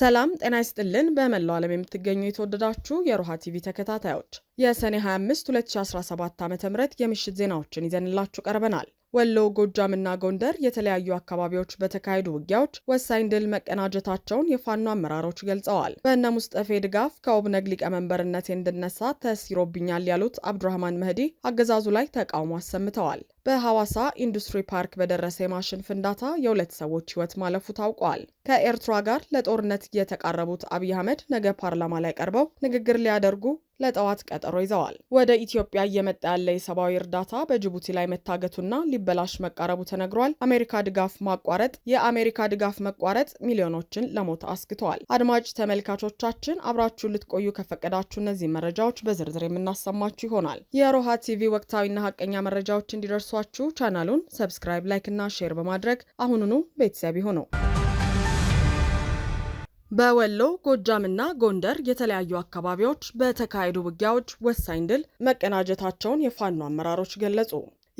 ሰላም ጤና ይስጥልን። በመላው ዓለም የምትገኙ የተወደዳችሁ የሮሃ ቲቪ ተከታታዮች የሰኔ 25 2017 ዓ ም የምሽት ዜናዎችን ይዘንላችሁ ቀርበናል። ወሎ፣ ጎጃምና ጎንደር የተለያዩ አካባቢዎች በተካሄዱ ውጊያዎች ወሳኝ ድል መቀናጀታቸውን የፋኖ አመራሮች ገልጸዋል። በእነ ሙስጠፌ ድጋፍ ከኦብነግ ሊቀመንበርነት እንድነሳ ተሲሮብኛል ያሉት አብዱራህማን መህዲ አገዛዙ ላይ ተቃውሞ አሰምተዋል። በሐዋሳ ኢንዱስትሪ ፓርክ በደረሰ የማሽን ፍንዳታ የሁለት ሰዎች ሕይወት ማለፉ ታውቋል። ከኤርትራ ጋር ለጦርነት የተቃረቡት አብይ አህመድ ነገ ፓርላማ ላይ ቀርበው ንግግር ሊያደርጉ ለጠዋት ቀጠሮ ይዘዋል። ወደ ኢትዮጵያ እየመጣ ያለ የሰብአዊ እርዳታ በጅቡቲ ላይ መታገቱና ሊበላሽ መቃረቡ ተነግሯል። አሜሪካ ድጋፍ ማቋረጥ የአሜሪካ ድጋፍ መቋረጥ ሚሊዮኖችን ለሞት አስግተዋል። አድማጭ ተመልካቾቻችን አብራችሁ ልትቆዩ ከፈቀዳችሁ እነዚህ መረጃዎች በዝርዝር የምናሰማችሁ ይሆናል። የሮሃ ቲቪ ወቅታዊና ሀቀኛ መረጃዎች እንዲደርሷችሁ ቻናሉን ሰብስክራይብ፣ ላይክ እና ሼር በማድረግ አሁኑኑ ቤተሰብ ይሁኑ። በወሎ ጎጃምና ጎንደር የተለያዩ አካባቢዎች በተካሄዱ ውጊያዎች ወሳኝ ድል መቀናጀታቸውን የፋኖ አመራሮች ገለጹ።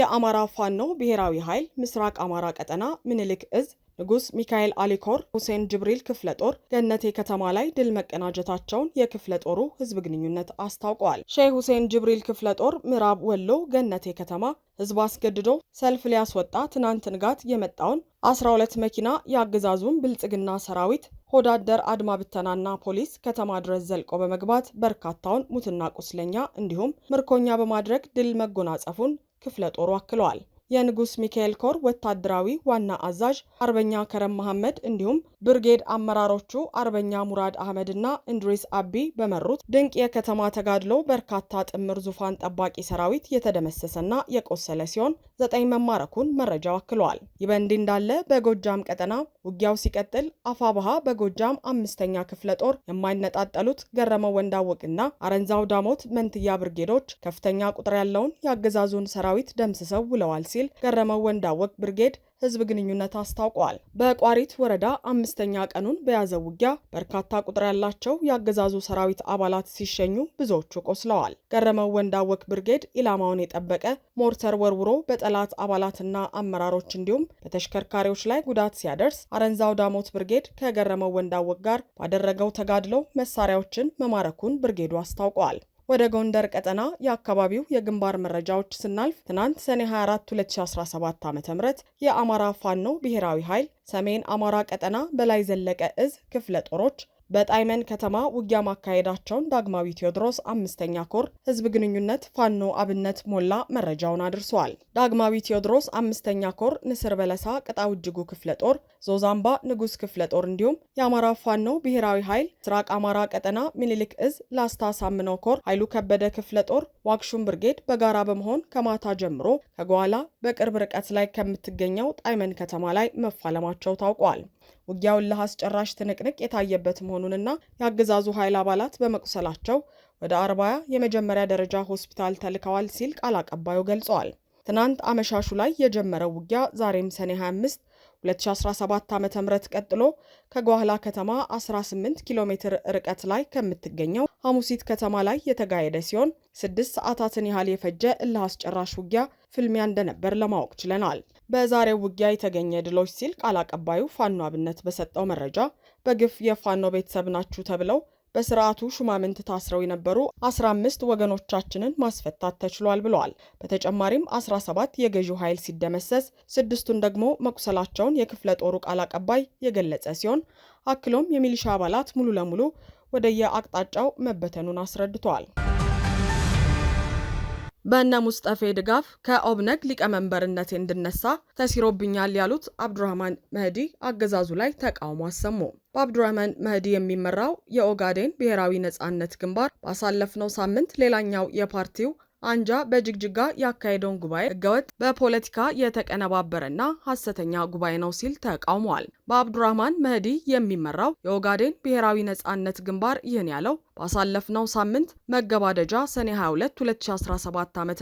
የአማራ ፋኖ ብሔራዊ ኃይል ምስራቅ አማራ ቀጠና ምኒልክ እዝ ንጉስ ሚካኤል አሊኮር ሁሴን ጅብሪል ክፍለ ጦር ገነቴ ከተማ ላይ ድል መቀናጀታቸውን የክፍለ ጦሩ ህዝብ ግንኙነት አስታውቀዋል። ሼህ ሁሴን ጅብሪል ክፍለ ጦር ምዕራብ ወሎ ገነቴ ከተማ ህዝብ አስገድዶ ሰልፍ ሊያስወጣ ትናንት ንጋት የመጣውን 12 መኪና የአገዛዙን ብልጽግና ሰራዊት ሆዳደር አድማ ብተናና ፖሊስ ከተማ ድረስ ዘልቆ በመግባት በርካታውን ሙትና ቁስለኛ እንዲሁም ምርኮኛ በማድረግ ድል መጎናጸፉን ክፍለ ጦሩ አክለዋል። የንጉስ ሚካኤል ኮር ወታደራዊ ዋና አዛዥ አርበኛ ከረም መሐመድ እንዲሁም ብርጌድ አመራሮቹ አርበኛ ሙራድ አህመድ እና እንድሪስ አቢ በመሩት ድንቅ የከተማ ተጋድሎ በርካታ ጥምር ዙፋን ጠባቂ ሰራዊት የተደመሰሰና የቆሰለ ሲሆን ዘጠኝ መማረኩን መረጃው አክሏል። ይህ በእንዲህ እንዳለ በጎጃም ቀጠና ውጊያው ሲቀጥል አፋብሃ በጎጃም አምስተኛ ክፍለ ጦር የማይነጣጠሉት ገረመው ወንዳወቅና አረንዛው ዳሞት መንትያ ብርጌዶች ከፍተኛ ቁጥር ያለውን የአገዛዙን ሰራዊት ደምስሰው ውለዋል ሲል ሲል ገረመው ወንዳወቅ ብርጌድ ህዝብ ግንኙነት አስታውቋል። በቋሪት ወረዳ አምስተኛ ቀኑን በያዘው ውጊያ በርካታ ቁጥር ያላቸው የአገዛዙ ሰራዊት አባላት ሲሸኙ ብዙዎቹ ቆስለዋል። ገረመው ወንዳወቅ ብርጌድ ኢላማውን የጠበቀ ሞርተር ወርውሮ በጠላት አባላትና አመራሮች እንዲሁም በተሽከርካሪዎች ላይ ጉዳት ሲያደርስ፣ አረንዛው ዳሞት ብርጌድ ከገረመው ወንዳወቅ ጋር ባደረገው ተጋድሎ መሳሪያዎችን መማረኩን ብርጌዱ አስታውቋል። ወደ ጎንደር ቀጠና የአካባቢው የግንባር መረጃዎች ስናልፍ ትናንት ሰኔ 24 2017 ዓ ም የአማራ ፋኖ ብሔራዊ ኃይል ሰሜን አማራ ቀጠና በላይ ዘለቀ እዝ ክፍለ ጦሮች በጣይመን ከተማ ውጊያ ማካሄዳቸውን ዳግማዊ ቴዎድሮስ አምስተኛ ኮር ህዝብ ግንኙነት ፋኖ አብነት ሞላ መረጃውን አድርሷል። ዳግማዊ ቴዎድሮስ አምስተኛ ኮር ንስር በለሳ ቅጣው እጅጉ ክፍለ ጦር፣ ዞዛምባ ንጉስ ክፍለ ጦር እንዲሁም የአማራ ፋኖ ብሔራዊ ኃይል ምስራቅ አማራ ቀጠና ሚኒልክ እዝ ላስታ ሳምነው ኮር ኃይሉ ከበደ ክፍለ ጦር ዋክሹም ብርጌድ በጋራ በመሆን ከማታ ጀምሮ ከጓላ በቅርብ ርቀት ላይ ከምትገኘው ጣይመን ከተማ ላይ መፋለማቸው ታውቋል። ውጊያውን ለአስጨራሽ ትንቅንቅ የታየበት መሆኑንና የአገዛዙ ኃይል አባላት በመቁሰላቸው ወደ አርባያ የመጀመሪያ ደረጃ ሆስፒታል ተልከዋል ሲል ቃል አቀባዩ ገልጸዋል። ትናንት አመሻሹ ላይ የጀመረው ውጊያ ዛሬም ሰኔ 25 2017 ዓ ም ቀጥሎ ከጓህላ ከተማ 18 ኪሎ ሜትር ርቀት ላይ ከምትገኘው ሐሙሲት ከተማ ላይ የተካሄደ ሲሆን ስድስት ሰዓታትን ያህል የፈጀ እልህ አስጨራሽ ውጊያ ፍልሚያ እንደነበር ለማወቅ ችለናል። በዛሬው ውጊያ የተገኘ ድሎች ሲል ቃል አቀባዩ ፋኖ አብነት በሰጠው መረጃ በግፍ የፋኖ ቤተሰብ ናችሁ ተብለው በስርዓቱ ሹማምንት ታስረው የነበሩ 15 ወገኖቻችንን ማስፈታት ተችሏል ብለዋል። በተጨማሪም 17 የገዢው ኃይል ሲደመሰስ ስድስቱን ደግሞ መቁሰላቸውን የክፍለ ጦሩ ቃል አቀባይ የገለጸ ሲሆን አክሎም የሚሊሻ አባላት ሙሉ ለሙሉ ወደየአቅጣጫው መበተኑን አስረድተዋል። በእነ ሙስጠፌ ድጋፍ ከኦብነግ ሊቀመንበርነቴ እንድነሳ ተሲሮብኛል ያሉት አብዱራህማን መህዲ አገዛዙ ላይ ተቃውሞ አሰሙ። በአብዱራህማን መህዲ የሚመራው የኦጋዴን ብሔራዊ ነጻነት ግንባር ባሳለፍነው ሳምንት ሌላኛው የፓርቲው አንጃ በጅግጅጋ ያካሄደውን ጉባኤ ህገወጥ፣ በፖለቲካ የተቀነባበረና ሀሰተኛ ጉባኤ ነው ሲል ተቃውሟል። በአብዱራህማን መህዲ የሚመራው የኦጋዴን ብሔራዊ ነጻነት ግንባር ይህን ያለው ባሳለፍነው ሳምንት መገባደጃ ሰኔ 22 2017 ዓ ም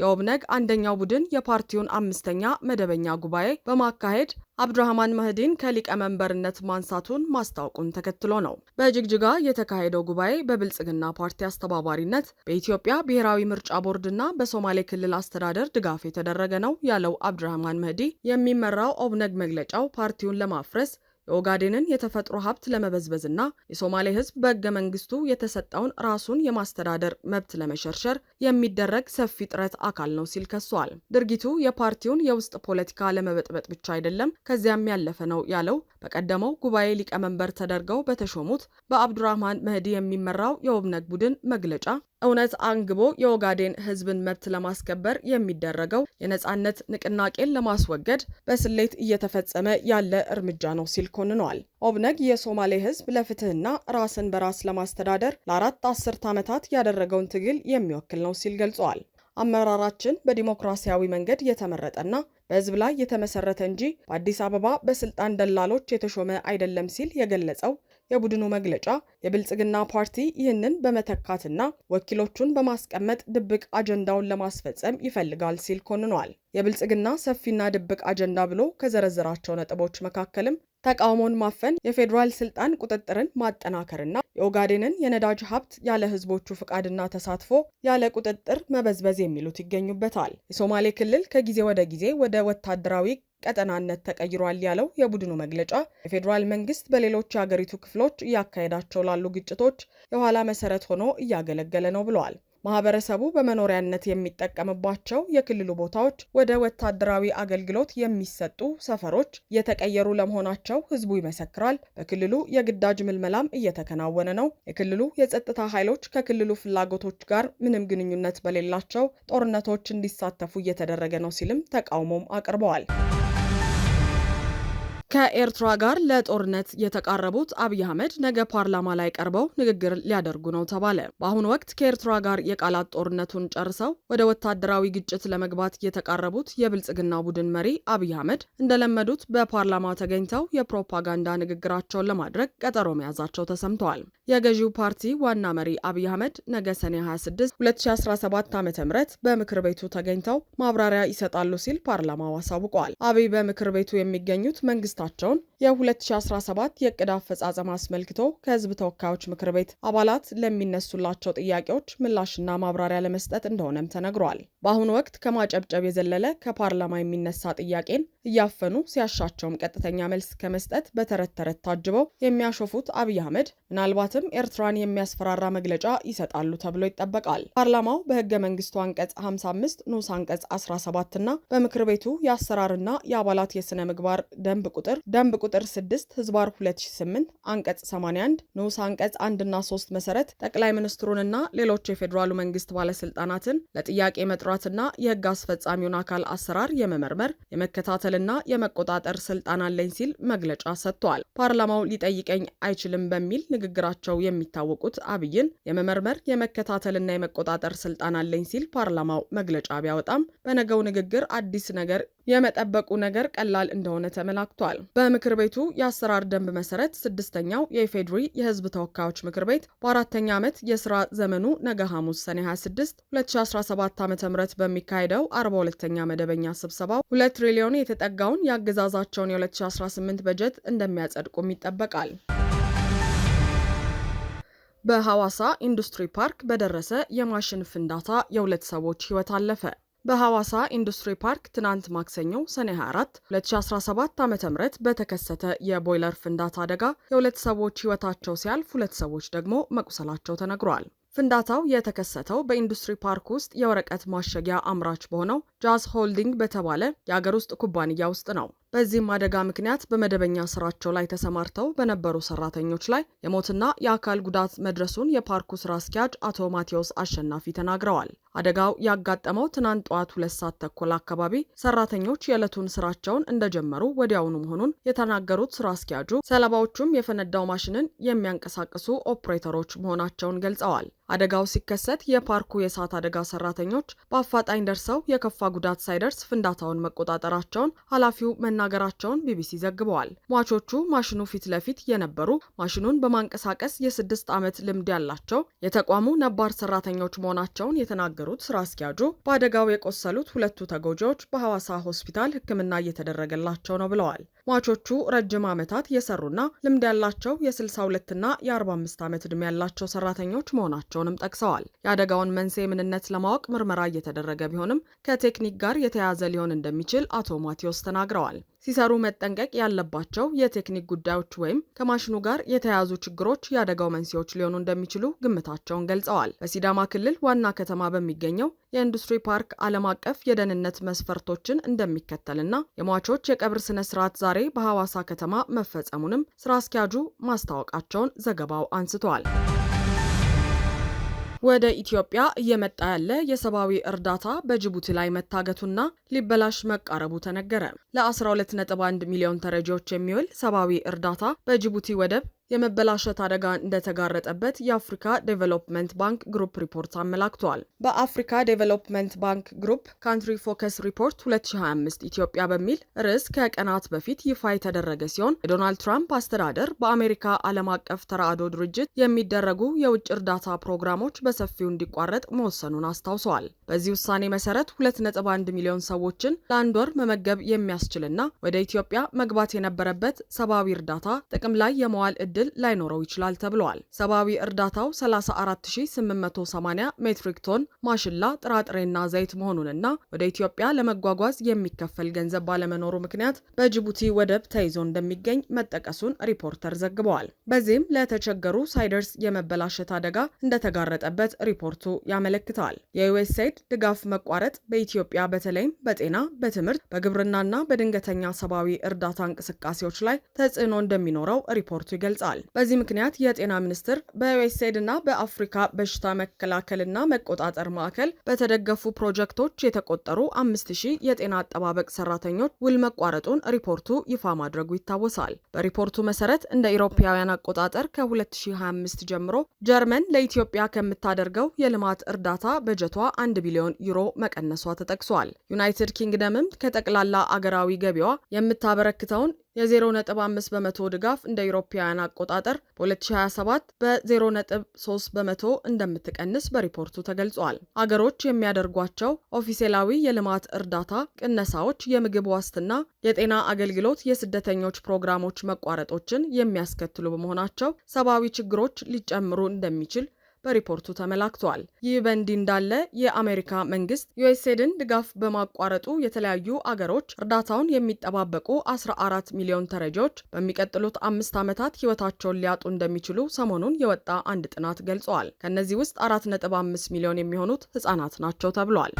የኦብነግ አንደኛው ቡድን የፓርቲውን አምስተኛ መደበኛ ጉባኤ በማካሄድ አብዱራህማን መህዲን ከሊቀመንበርነት ማንሳቱን ማስታወቁን ተከትሎ ነው። በጅግጅጋ የተካሄደው ጉባኤ በብልጽግና ፓርቲ አስተባባሪነት በኢትዮጵያ ብሔራዊ ምርጫ ቦርድና በሶማሌ ክልል አስተዳደር ድጋፍ የተደረገ ነው ያለው አብዱራህማን መህዲ የሚመራው ኦብነግ መግለጫው ፓርቲውን ለማ ለማፍረስ የኦጋዴንን የተፈጥሮ ሀብት ለመበዝበዝና የሶማሌ ሕዝብ በህገ መንግስቱ የተሰጠውን ራሱን የማስተዳደር መብት ለመሸርሸር የሚደረግ ሰፊ ጥረት አካል ነው ሲል ከሷል። ድርጊቱ የፓርቲውን የውስጥ ፖለቲካ ለመበጥበጥ ብቻ አይደለም፣ ከዚያም ያለፈ ነው ያለው በቀደመው ጉባኤ ሊቀመንበር ተደርገው በተሾሙት በአብዱራህማን መህዲ የሚመራው የኦብነግ ቡድን መግለጫ እውነት አንግቦ የኦጋዴን ህዝብን መብት ለማስከበር የሚደረገው የነጻነት ንቅናቄን ለማስወገድ በስሌት እየተፈጸመ ያለ እርምጃ ነው ሲል ኮንነዋል። ኦብነግ የሶማሌ ህዝብ ለፍትህና ራስን በራስ ለማስተዳደር ለአራት አስርት ዓመታት ያደረገውን ትግል የሚወክል ነው ሲል ገልጸዋል። አመራራችን በዲሞክራሲያዊ መንገድ የተመረጠና በህዝብ ላይ የተመሰረተ እንጂ በአዲስ አበባ በስልጣን ደላሎች የተሾመ አይደለም ሲል የገለጸው የቡድኑ መግለጫ የብልጽግና ፓርቲ ይህንን በመተካትና ወኪሎቹን በማስቀመጥ ድብቅ አጀንዳውን ለማስፈጸም ይፈልጋል ሲል ኮንኗል። የብልጽግና ሰፊና ድብቅ አጀንዳ ብሎ ከዘረዘራቸው ነጥቦች መካከልም ተቃውሞን ማፈን፣ የፌዴራል ስልጣን ቁጥጥርን ማጠናከርና የኦጋዴንን የነዳጅ ሀብት ያለ ህዝቦቹ ፍቃድና ተሳትፎ ያለ ቁጥጥር መበዝበዝ የሚሉት ይገኙበታል። የሶማሌ ክልል ከጊዜ ወደ ጊዜ ወደ ወታደራዊ ቀጠናነት ተቀይሯል ያለው የቡድኑ መግለጫ የፌዴራል መንግስት በሌሎች የአገሪቱ ክፍሎች እያካሄዳቸው ላሉ ግጭቶች የኋላ መሰረት ሆኖ እያገለገለ ነው ብለዋል። ማህበረሰቡ በመኖሪያነት የሚጠቀምባቸው የክልሉ ቦታዎች ወደ ወታደራዊ አገልግሎት የሚሰጡ ሰፈሮች የተቀየሩ ለመሆናቸው ህዝቡ ይመሰክራል። በክልሉ የግዳጅ ምልመላም እየተከናወነ ነው። የክልሉ የጸጥታ ኃይሎች ከክልሉ ፍላጎቶች ጋር ምንም ግንኙነት በሌላቸው ጦርነቶች እንዲሳተፉ እየተደረገ ነው ሲልም ተቃውሞም አቅርበዋል። ከኤርትራ ጋር ለጦርነት የተቃረቡት አብይ አህመድ ነገ ፓርላማ ላይ ቀርበው ንግግር ሊያደርጉ ነው ተባለ። በአሁኑ ወቅት ከኤርትራ ጋር የቃላት ጦርነቱን ጨርሰው ወደ ወታደራዊ ግጭት ለመግባት የተቃረቡት የብልጽግና ቡድን መሪ አብይ አህመድ እንደለመዱት በፓርላማ ተገኝተው የፕሮፓጋንዳ ንግግራቸውን ለማድረግ ቀጠሮ መያዛቸው ተሰምተዋል። የገዢው ፓርቲ ዋና መሪ አብይ አህመድ ነገ ሰኔ 26 2017 ዓ ም በምክር ቤቱ ተገኝተው ማብራሪያ ይሰጣሉ ሲል ፓርላማው አሳውቋል። አብይ በምክር ቤቱ የሚገኙት መንግስት ደስታቸውን የ2017 የዕቅድ አፈጻጸም አስመልክቶ ከህዝብ ተወካዮች ምክር ቤት አባላት ለሚነሱላቸው ጥያቄዎች ምላሽና ማብራሪያ ለመስጠት እንደሆነም ተነግሯል። በአሁኑ ወቅት ከማጨብጨብ የዘለለ ከፓርላማ የሚነሳ ጥያቄን እያፈኑ ሲያሻቸውም ቀጥተኛ መልስ ከመስጠት በተረት ተረት ታጅበው የሚያሾፉት አብይ አህመድ ምናልባትም ኤርትራን የሚያስፈራራ መግለጫ ይሰጣሉ ተብሎ ይጠበቃል። ፓርላማው በህገ መንግስቱ አንቀጽ 55 ንዑስ አንቀጽ 17 እና በምክር ቤቱ የአሰራርና የአባላት የስነ ምግባር ደንብ ቁጥር ደንብ ቁጥር 6 ህዝባር 2008 አንቀጽ 81 ንዑስ አንቀጽ 1 እና 3 መሰረት ጠቅላይ ሚኒስትሩንና ሌሎች የፌዴራሉ መንግስት ባለስልጣናትን ለጥያቄ መጥራትና የህግ አስፈጻሚውን አካል አሰራር የመመርመር የመከታተልና የመቆጣጠር ስልጣን አለኝ ሲል መግለጫ ሰጥቷል። ፓርላማው ሊጠይቀኝ አይችልም በሚል ንግግራቸው የሚታወቁት አብይን የመመርመር የመከታተልና የመቆጣጠር ስልጣን አለኝ ሲል ፓርላማው መግለጫ ቢያወጣም በነገው ንግግር አዲስ ነገር የመጠበቁ ነገር ቀላል እንደሆነ ተመላክቷል። በምክር ቤቱ የአሰራር ደንብ መሰረት ስድስተኛው የኢፌዴሪ የህዝብ ተወካዮች ምክር ቤት በአራተኛ ዓመት የስራ ዘመኑ ነገ ሐሙስ ሰኔ 26 2017 ዓ ም በሚካሄደው 42ተኛ መደበኛ ስብሰባው ሁለት ትሪሊዮን የተጠጋውን የአገዛዛቸውን የ2018 በጀት እንደሚያጸድቁም ይጠበቃል። በሐዋሳ ኢንዱስትሪ ፓርክ በደረሰ የማሽን ፍንዳታ የሁለት ሰዎች ህይወት አለፈ። በሐዋሳ ኢንዱስትሪ ፓርክ ትናንት ማክሰኞ ሰኔ 24 2017 ዓ ም በተከሰተ የቦይለር ፍንዳታ አደጋ የሁለት ሰዎች ህይወታቸው ሲያልፍ ሁለት ሰዎች ደግሞ መቁሰላቸው ተነግሯል። ፍንዳታው የተከሰተው በኢንዱስትሪ ፓርክ ውስጥ የወረቀት ማሸጊያ አምራች በሆነው ጃዝ ሆልዲንግ በተባለ የአገር ውስጥ ኩባንያ ውስጥ ነው። በዚህም አደጋ ምክንያት በመደበኛ ስራቸው ላይ ተሰማርተው በነበሩ ሰራተኞች ላይ የሞትና የአካል ጉዳት መድረሱን የፓርኩ ስራ አስኪያጅ አቶ ማቴዎስ አሸናፊ ተናግረዋል። አደጋው ያጋጠመው ትናንት ጠዋት ሁለት ሰዓት ተኩል አካባቢ ሰራተኞች የዕለቱን ስራቸውን እንደጀመሩ ወዲያውኑ መሆኑን የተናገሩት ስራ አስኪያጁ ሰለባዎቹም የፈነዳው ማሽንን የሚያንቀሳቅሱ ኦፕሬተሮች መሆናቸውን ገልጸዋል። አደጋው ሲከሰት የፓርኩ የእሳት አደጋ ሰራተኞች በአፋጣኝ ደርሰው የከፋ ጉዳት ሳይደርስ ፍንዳታውን መቆጣጠራቸውን ኃላፊው መ መናገራቸውን ቢቢሲ ዘግበዋል። ሟቾቹ ማሽኑ ፊት ለፊት የነበሩ ማሽኑን በማንቀሳቀስ የስድስት ዓመት ልምድ ያላቸው የተቋሙ ነባር ሰራተኞች መሆናቸውን የተናገሩት ስራ አስኪያጁ በአደጋው የቆሰሉት ሁለቱ ተጎጂዎች በሐዋሳ ሆስፒታል ሕክምና እየተደረገላቸው ነው ብለዋል። ሟቾቹ ረጅም ዓመታት የሰሩና ልምድ ያላቸው የ62 ና የ45 ዓመት ዕድሜ ያላቸው ሰራተኞች መሆናቸውንም ጠቅሰዋል። የአደጋውን መንስኤ ምንነት ለማወቅ ምርመራ እየተደረገ ቢሆንም ከቴክኒክ ጋር የተያያዘ ሊሆን እንደሚችል አቶ ማቴዎስ ተናግረዋል። ሲሰሩ መጠንቀቅ ያለባቸው የቴክኒክ ጉዳዮች ወይም ከማሽኑ ጋር የተያያዙ ችግሮች የአደጋው መንስኤዎች ሊሆኑ እንደሚችሉ ግምታቸውን ገልጸዋል። በሲዳማ ክልል ዋና ከተማ በሚገኘው የኢንዱስትሪ ፓርክ ዓለም አቀፍ የደህንነት መስፈርቶችን እንደሚከተልና የሟቾች የቀብር ስነ ስርዓት ዛሬ በሐዋሳ ከተማ መፈጸሙንም ስራ አስኪያጁ ማስታወቃቸውን ዘገባው አንስተዋል። ወደ ኢትዮጵያ እየመጣ ያለ የሰብአዊ እርዳታ በጅቡቲ ላይ መታገቱና ሊበላሽ መቃረቡ ተነገረ። ለ12.1 ሚሊዮን ተረጂዎች የሚውል ሰብአዊ እርዳታ በጅቡቲ ወደብ የመበላሸት አደጋ እንደተጋረጠበት የአፍሪካ ዴቨሎፕመንት ባንክ ግሩፕ ሪፖርት አመላክቷል። በአፍሪካ ዴቨሎፕመንት ባንክ ግሩፕ ካንትሪ ፎከስ ሪፖርት 2025 ኢትዮጵያ በሚል ርዕስ ከቀናት በፊት ይፋ የተደረገ ሲሆን የዶናልድ ትራምፕ አስተዳደር በአሜሪካ ዓለም አቀፍ ተራድኦ ድርጅት የሚደረጉ የውጭ እርዳታ ፕሮግራሞች በሰፊው እንዲቋረጥ መወሰኑን አስታውሰዋል። በዚህ ውሳኔ መሰረት 2.1 ሚሊዮን ሰዎችን ለአንድ ወር መመገብ የሚያስችልና ወደ ኢትዮጵያ መግባት የነበረበት ሰብአዊ እርዳታ ጥቅም ላይ የመዋል እድል እድል ላይኖረው ይችላል ተብሏል። ሰብአዊ እርዳታው 34880 ሜትሪክ ቶን ማሽላ፣ ጥራጥሬና ዘይት መሆኑንና ወደ ኢትዮጵያ ለመጓጓዝ የሚከፈል ገንዘብ ባለመኖሩ ምክንያት በጅቡቲ ወደብ ተይዞ እንደሚገኝ መጠቀሱን ሪፖርተር ዘግበዋል። በዚህም ለተቸገሩ ሳይደርስ የመበላሸት አደጋ እንደተጋረጠበት ሪፖርቱ ያመለክታል። የዩኤስኤድ ድጋፍ መቋረጥ በኢትዮጵያ በተለይም በጤና፣ በትምህርት፣ በግብርናና በድንገተኛ ሰብአዊ እርዳታ እንቅስቃሴዎች ላይ ተጽዕኖ እንደሚኖረው ሪፖርቱ ይገልጻል። ይገልጻል። በዚህ ምክንያት የጤና ሚኒስቴር በዩኤስኤድ እና በአፍሪካ በሽታ መከላከልና መቆጣጠር ማዕከል በተደገፉ ፕሮጀክቶች የተቆጠሩ አምስት ሺህ የጤና አጠባበቅ ሰራተኞች ውል መቋረጡን ሪፖርቱ ይፋ ማድረጉ ይታወሳል። በሪፖርቱ መሰረት እንደ ኢሮፓውያን አቆጣጠር ከ2025 ጀምሮ ጀርመን ለኢትዮጵያ ከምታደርገው የልማት እርዳታ በጀቷ 1 ቢሊዮን ዩሮ መቀነሷ ተጠቅሷል። ዩናይትድ ኪንግደምም ከጠቅላላ አገራዊ ገቢዋ የምታበረክተውን የ0.5 በመቶ ድጋፍ እንደ ኢሮፓውያን አቆጣጠር በ2027 በ0.3 በመቶ እንደምትቀንስ በሪፖርቱ ተገልጿል። አገሮች የሚያደርጓቸው ኦፊሴላዊ የልማት እርዳታ ቅነሳዎች የምግብ ዋስትና፣ የጤና አገልግሎት፣ የስደተኞች ፕሮግራሞች መቋረጦችን የሚያስከትሉ በመሆናቸው ሰብአዊ ችግሮች ሊጨምሩ እንደሚችል በሪፖርቱ ተመላክቷል። ይህ በእንዲህ እንዳለ የአሜሪካ መንግስት ዩኤስኤድን ድጋፍ በማቋረጡ የተለያዩ አገሮች እርዳታውን የሚጠባበቁ 14 ሚሊዮን ተረጂዎች በሚቀጥሉት አምስት ዓመታት ህይወታቸውን ሊያጡ እንደሚችሉ ሰሞኑን የወጣ አንድ ጥናት ገልጸዋል። ከእነዚህ ውስጥ 4.5 ሚሊዮን የሚሆኑት ህጻናት ናቸው ተብሏል።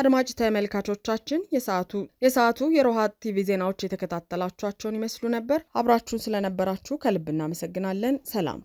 አድማጭ ተመልካቾቻችን የሰዓቱ የሮሃ ቲቪ ዜናዎች የተከታተላችኋቸውን ይመስሉ ነበር። አብራችሁን ስለነበራችሁ ከልብ እናመሰግናለን። ሰላም